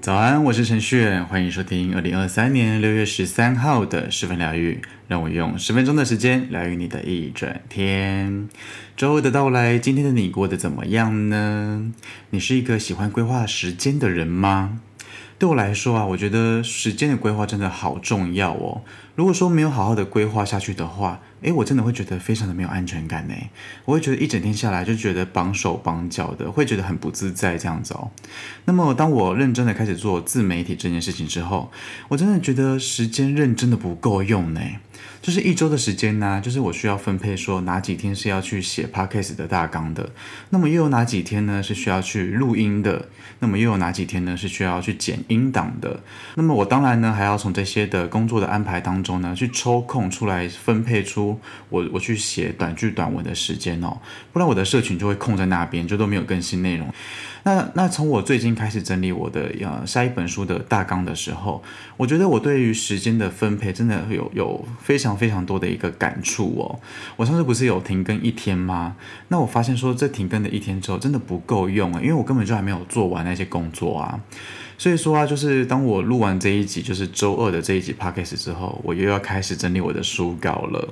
早安，我是陳旭，歡迎收聽二零二三年六月十三號的十分療癒。讓我用十分鐘的時間療癒你的一整天。週日的到來，今天的你過得怎麼樣呢？你是一個喜歡規劃時間的人嗎？對我來說啊，我覺得時間的規劃真的好重要哦。如果說沒有好好的規劃下去的話，誒，我真的會覺得非常的沒有安全感呢。我會覺得一整天下來就覺得綁手綁腳的，會覺得很不自在這樣子哦。那麼當我認真的開始做自媒體這件事情之後，我真的覺得時間認真的不夠用呢。就是一週的時間呢、啊，就是我需要分配說哪幾天是要去寫 podcast 的大綱的，那麼又有哪幾天呢是需要去錄音的，那麼又有哪幾天呢是需要去剪音檔的，那麼我當然呢還要從這些的工作的安排當中呢去抽空出來分配出我我去寫短句短文的時間哦，不然我的社群就會空在那邊，就都沒有更新內容。那那從我最近開始整理我的呃下一本書的大綱的時候，我覺得我對於時間的分配真的有有非常非常多的一個感觸哦。我上次不是有停更一天嗎？那我發現說這停更的一天之後真的不夠用啊、欸，因為我根本就還沒有做完那些工作啊。所以說啊，就是當我錄完這一集，就是週二的這一集 podcast 之後，我又要開始整理我的書稿了。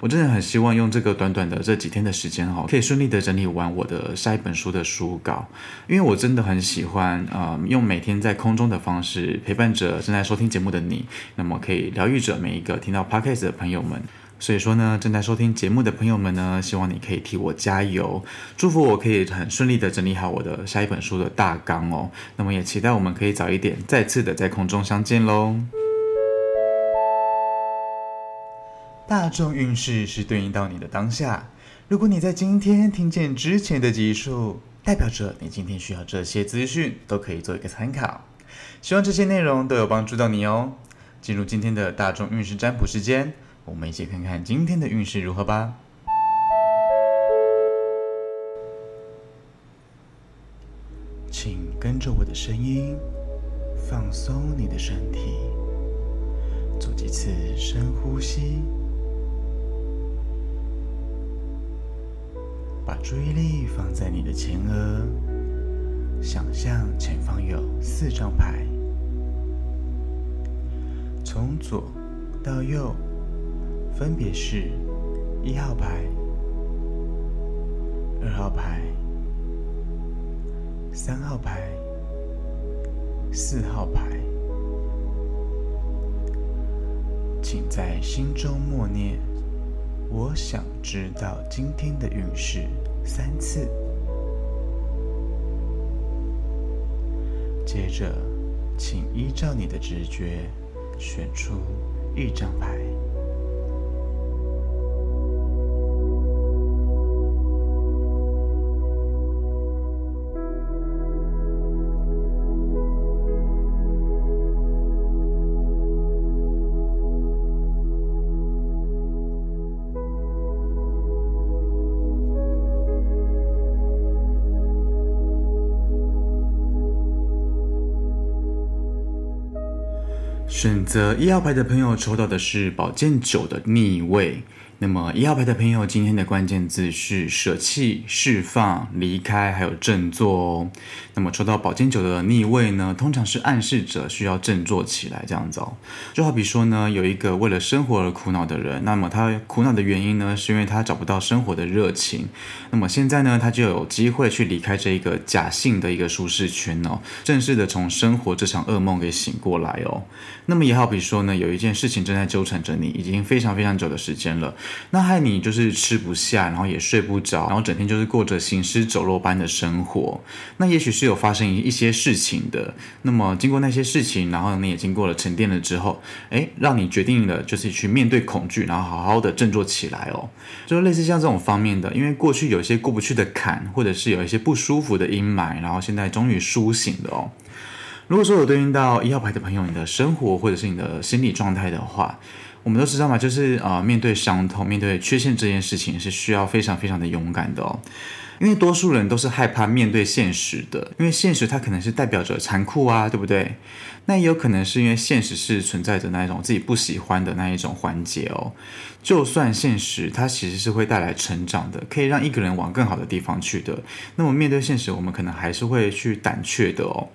我真的很希望用這個短短的這幾天的時間哈、哦，可以順利的整理完我的下一本書的書稿，因為我真的很喜歡啊、呃，用每天在空中的方式陪伴着正在收聽節目的你，那麼可以療癒着每一個聽到 podcast 的朋友們。所以說呢，正在收聽節目的朋友們呢，希望你可以替我加油，祝福我可以很順利的整理好我的下一本書的大綱哦。那麼也期待我們可以早一點再次的在空中相見嘍。大眾運勢是對應到你的當下，如果你在今天聽見之前的集數，代表着你今天需要這些資訊都可以做一個參考。希望這些內容都有幫助到你哦。進入今天的大眾運勢占卜時間。我們一起看看今天的運勢如何吧。請跟着我的聲音，放鬆你的身體，做幾次深呼吸，把注意力放在你的前額，想象前方有四張牌，從左到右。分別是，一號牌、二號牌、三號牌、四號牌，請在心中默念“我想知道今天的運勢”三次。接着，請依照你的直覺選出一張牌。選擇一號牌的朋友抽到的是寶劍九的逆位。那麼一號牌的朋友，今天的關鍵字是捨棄、釋放、離開，還有振作哦。那麼抽到寶劍九的逆位呢，通常是暗示着需要振作起來這樣子哦。就好比說呢，有一個為了生活而苦惱的人，那麼他苦惱的原因呢，是因為他找不到生活的熱情。那麼現在呢，他就有機會去離開這一個假性的一個舒適圈哦，正式的從生活這場噩夢給醒過來哦。那麼也好比說呢，有一件事情正在糾纏着你，已經非常非常久的時間了。那害你就是吃不下，然後也睡不着，然後整天就是過着行屍走肉般的生活。那也許是有發生一一些事情的。那麼經過那些事情，然後你也經過了沉澱了之後，誒，讓你決定了就是去面對恐懼，然後好好的振作起來哦。就是類似像這種方面的，因為過去有一些過不去的坎，或者是有一些不舒服的陰霾，然後現在終於蘇醒了哦。如果說有對應到一號牌的朋友，你的生活或者是你的心理狀態的話。我們都知道嘛，就是啊、呃，面對傷痛、面對缺陷這件事情是需要非常非常的勇敢的哦。因為多數人都是害怕面對現實的，因為現實它可能是代表着殘酷啊，對不對？那也有可能是因為現實是存在着那一種自己不喜歡的那一種環節哦。就算現實它其實是會帶來成長的，可以讓一個人往更好的地方去的，那麼面對現實，我們可能還是會去膽怯的哦。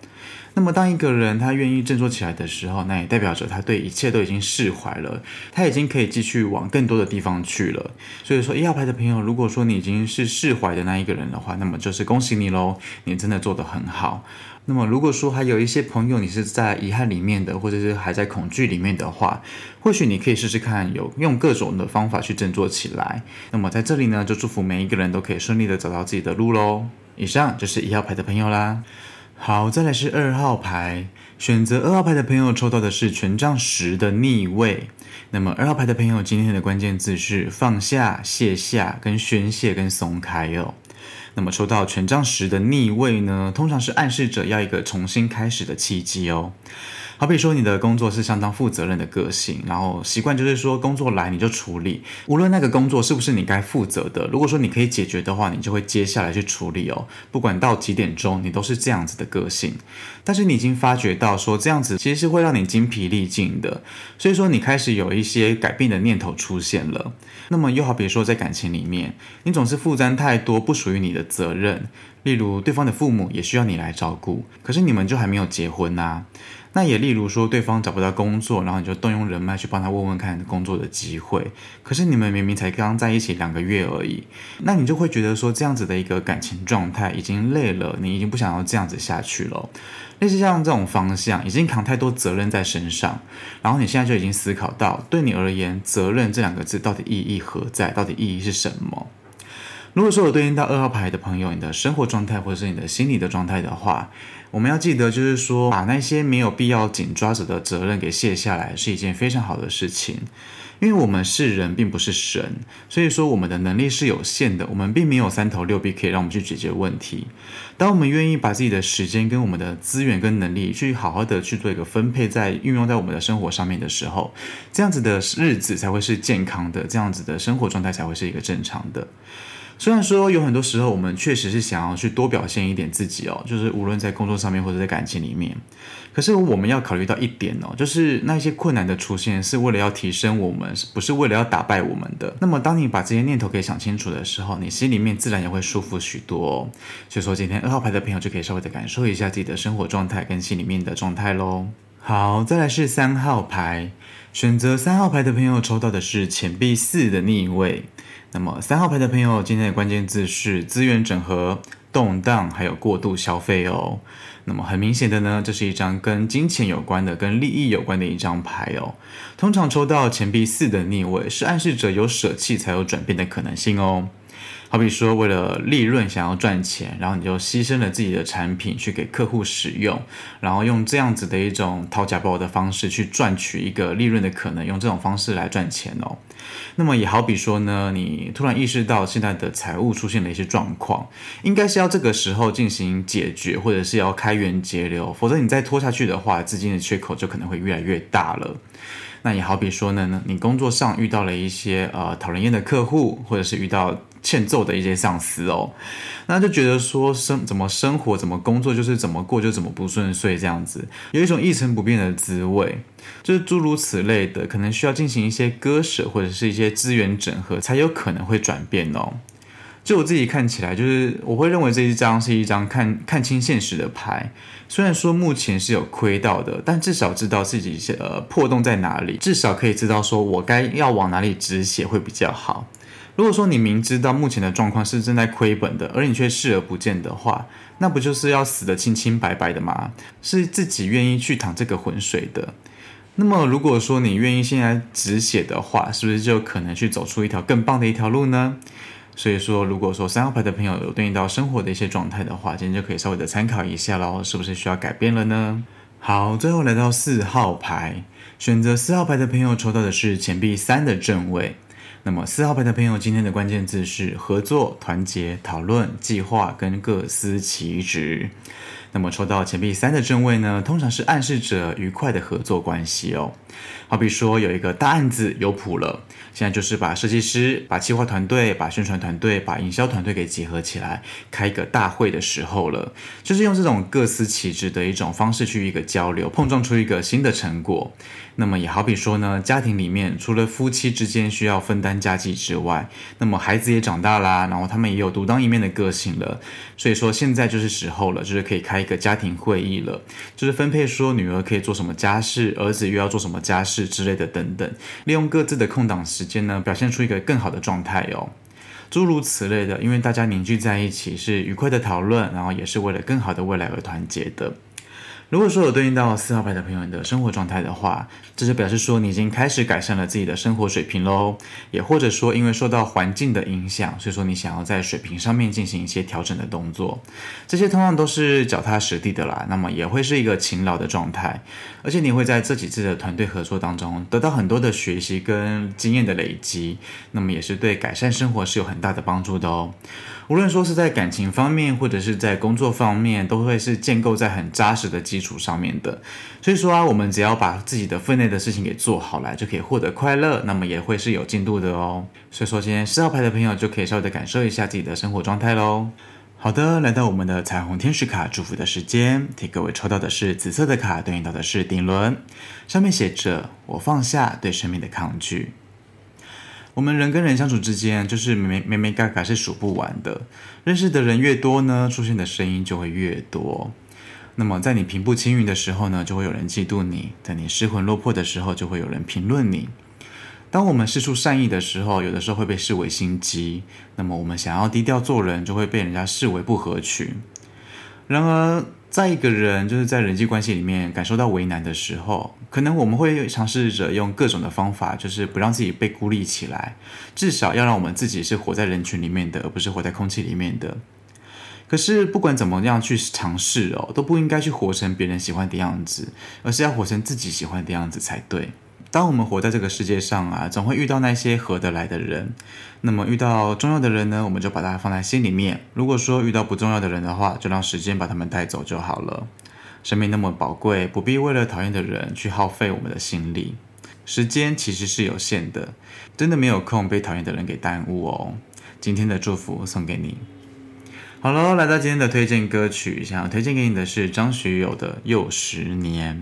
那麼，當一個人他願意振作起來的時候，那也代表着他對一切都已經釋懷了，他已經可以繼續往更多的地方去了。所以說，一號牌的朋友，如果說你已經是釋懷的那一個人的話，那麼就是恭喜你嘍，你真的做得很好。那麼，如果說還有一些朋友你是在遺憾裡面的，或者是還在恐懼裡面的話，或許你可以試試看，有用各種的方法去振作起來。那麼，在這裡呢，就祝福每一個人都可以順利的找到自己的路嘍。以上就是一號牌的朋友啦。好，再來是二號牌，選擇二號牌的朋友抽到的是權杖十的逆位。那麼二號牌的朋友，今天的關鍵字是放下、卸下、跟宣洩、跟鬆開喲、哦。那麼抽到權杖十的逆位呢，通常是暗示着要一個重新開始的契機哦。好比說，你的工作是相當負責任的個性，然後習慣就是說，工作來你就處理，無論那個工作是不是你該負責的。如果說你可以解決的話，你就會接下來去處理哦。不管到幾點鐘，你都是這樣子的個性。但是你已經發覺到說，這樣子其實是會讓你精疲力盡的，所以說你開始有一些改變的念頭出現了。那麼又好比說，在感情裡面，你總是負擔太多不屬於你的。責任，例如對方的父母也需要你來照顧，可是你們就還沒有結婚呐、啊。那也例如說，對方找不到工作，然後你就動用人脈去幫他問問看工作的機會，可是你們明明才剛在一起兩個月而已，那你就會覺得說，這樣子的一個感情狀態已經累了，你已經不想要這樣子下去了。類似像這種方向，已經扛太多責任在身上，然後你現在就已經思考到，對你而言，責任這兩個字到底意義何在，到底意義是什麼？如果說有對應到二號牌的朋友，你的生活狀態或者是你的心理的狀態的話，我們要記得就是說，把那些沒有必要緊抓着的責任給卸下來，是一件非常好的事情。因為我們是人，並不是神，所以說我們的能力是有限的，我們並沒有三頭六臂可以讓我們去解決問題。當我們願意把自己的時間跟我們的資源跟能力去好好的去做一個分配在，在運用在我們的生活上面的時候，這樣子的日子才會是健康的，這樣子的生活狀態才會是一個正常的。雖然說有很多時候我們確實是想要去多表現一點自己哦，就是無論在工作上面或者在感情裡面，可是我們要考慮到一點哦，就是那些困難的出現是為了要提升我們，不是為了要打敗我們的。那麼當你把這些念頭給想清楚的時候，你心裡面自然也會舒服許多哦。所以說，今天二號牌的朋友就可以稍微的感受一下自己的生活狀態跟心裡面的狀態嘍。好，再來是三號牌，選擇三號牌的朋友抽到的是錢幣四的逆位。那麼三號牌的朋友，今天的關鍵字是資源整合、動盪，還有過度消費哦。那麼很明顯的呢，這是一張跟金錢有關的、跟利益有關的一張牌哦。通常抽到錢幣四的逆位，是暗示著有捨棄才有轉變的可能性哦。好比說，為了利潤想要賺錢，然後你就犧牲了自己的產品去給客戶使用，然後用這樣子的一種掏假包的方式去賺取一個利潤的可能，用這種方式來賺錢哦。那麼也好比說呢，你突然意識到現在的財務出現了一些狀況，應該是要這個時候進行解決，或者是要開源節流，否則你再拖下去的話，資金的缺口就可能會越來越大了。那也好比說呢，你工作上遇到了一些呃討人厭的客戶，或者是遇到。欠揍的一些上司哦，那就覺得說生怎麼生活怎麼工作就是怎麼過就怎麼不順遂這樣子，有一種一成不變的滋味，就是諸如此類的，可能需要進行一些割捨或者是一些資源整合，才有可能會轉變哦。就我自己看起來，就是我會認為這一張是一張看看清現實的牌，雖然說目前是有虧到的，但至少知道自己呃破洞在哪裡，至少可以知道說我該要往哪裡止血會比較好。如果說你明知道目前的狀況是正在虧本的，而你卻視而不見的話，那不就是要死得清清白白的嗎？是自己願意去淌這個渾水的。那麼，如果說你願意現在止血的話，是不是就可能去走出一條更棒的一條路呢？所以說，如果說三號牌的朋友有對應到生活的一些狀態的話，今天就可以稍微的參考一下嘍，是不是需要改變了呢？好，最後來到四號牌，選擇四號牌的朋友抽到的是錢幣三的正位。那麼四號牌的朋友，今天的關鍵字是合作、團結、討論、計劃跟各司其職。那麼抽到錢幣三的正位呢，通常是暗示着愉快的合作關係哦。好比說有一個大案子有譜了，現在就是把設計師、把企劃團隊、把宣傳團隊、把營銷團隊給結合起來開一個大會的時候了，就是用這種各司其職的一種方式去一個交流，碰撞出一個新的成果。那麼也好比說呢，家庭裡面除了夫妻之間需要分擔家計之外，那麼孩子也長大啦、啊，然後他們也有獨當一面的個性了，所以說現在就是時候了，就是可以開一個家庭會議了，就是分配說女兒可以做什麼家事，兒子又要做什麼家事。家事之類的等等，利用各自的空檔時間呢，表現出一個更好的狀態哦。諸如此類的，因為大家凝聚在一起是愉快的討論，然後也是為了更好的未來而團結的。如果說有對應到四號牌的朋友們的生活狀態的話，這就表示說你已經開始改善了自己的生活水平嘍，也或者說因為受到環境的影響，所以說你想要在水平上面進行一些調整的動作，這些通常都是腳踏實地的啦，那麼也會是一個勤勞的狀態，而且你會在這幾次的團隊合作當中得到很多的學習跟經驗的累積，那麼也是對改善生活是有很大的幫助的哦。無論說是在感情方面，或者是在工作方面，都會是建構在很紮實的基。基礎上面的，所以說啊，我們只要把自己的分內的事情給做好來，就可以獲得快樂，那麼也會是有進度的哦。所以說，今天四號牌的朋友就可以稍微的感受一下自己的生活狀態嘍。好的，來到我們的彩虹天使卡祝福的時間，替各位抽到的是紫色的卡，對應到的是頂輪，上面寫着“我放下對生命的抗拒”。我們人跟人相處之間，就是眉眉眉眉角角是數不完的。認識的人越多呢，出現的聲音就會越多。那麼，在你平步青雲的時候呢，就會有人嫉妒你；在你失魂落魄的時候，就會有人評論你。當我們釋出善意的時候，有的時候會被視為心機；那麼，我們想要低調做人，就會被人家視為不合群。然而，在一個人就是在人際關係裡面感受到為難的時候，可能我們會嘗試着用各種的方法，就是不讓自己被孤立起來，至少要讓我們自己是活在人群裡面的，而不是活在空氣裡面的。可是不管怎麼樣去嘗試哦，都不應該去活成別人喜歡的樣子，而是要活成自己喜歡的樣子才對。當我們活在這個世界上啊，總會遇到那些合得來的人。那麼遇到重要的人呢，我們就把他放在心裡面。如果說遇到不重要的人的話，就讓時間把他們帶走就好了。生命那麼寶貴，不必為了討厭的人去耗費我們的心力。時間其實是有限的，真的沒有空被討厭的人給耽誤哦。今天的祝福送給你。好嘍，來到今天的推薦歌曲一下，想要推薦給你的是張學友的《又十年》。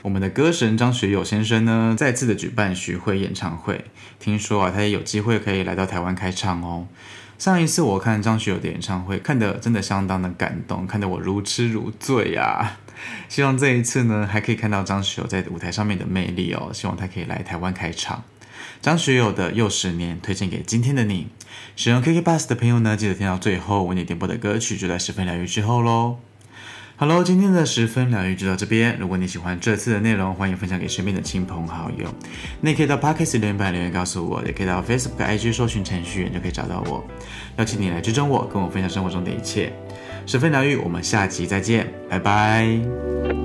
我們的歌神張學友先生呢，再次的舉辦巡迴演唱會，聽說啊，他也有機會可以來到台灣開唱哦。上一次我看張學友的演唱會，看得真的相當的感動，看得我如痴如醉呀、啊。希望這一次呢，還可以看到張學友在舞台上面的魅力哦。希望他可以來台灣開唱。張學友的《又十年》推薦給今天的你。使用 KKBOX 的朋友呢，記得聽到最後，為你點播的歌曲就在十分療癒之後嘍。Hello, 今天的十分療癒就到這邊。如果你喜歡這次的內容，歡迎分享給身邊的親朋好友。你也可以到 Podcast 留言板留言告訴我，也可以到 Facebook IG 搜尋程序員就可以找到我。邀請你來追蹤我，跟我分享生活中的一切。十分療癒，我們下集再見，拜拜。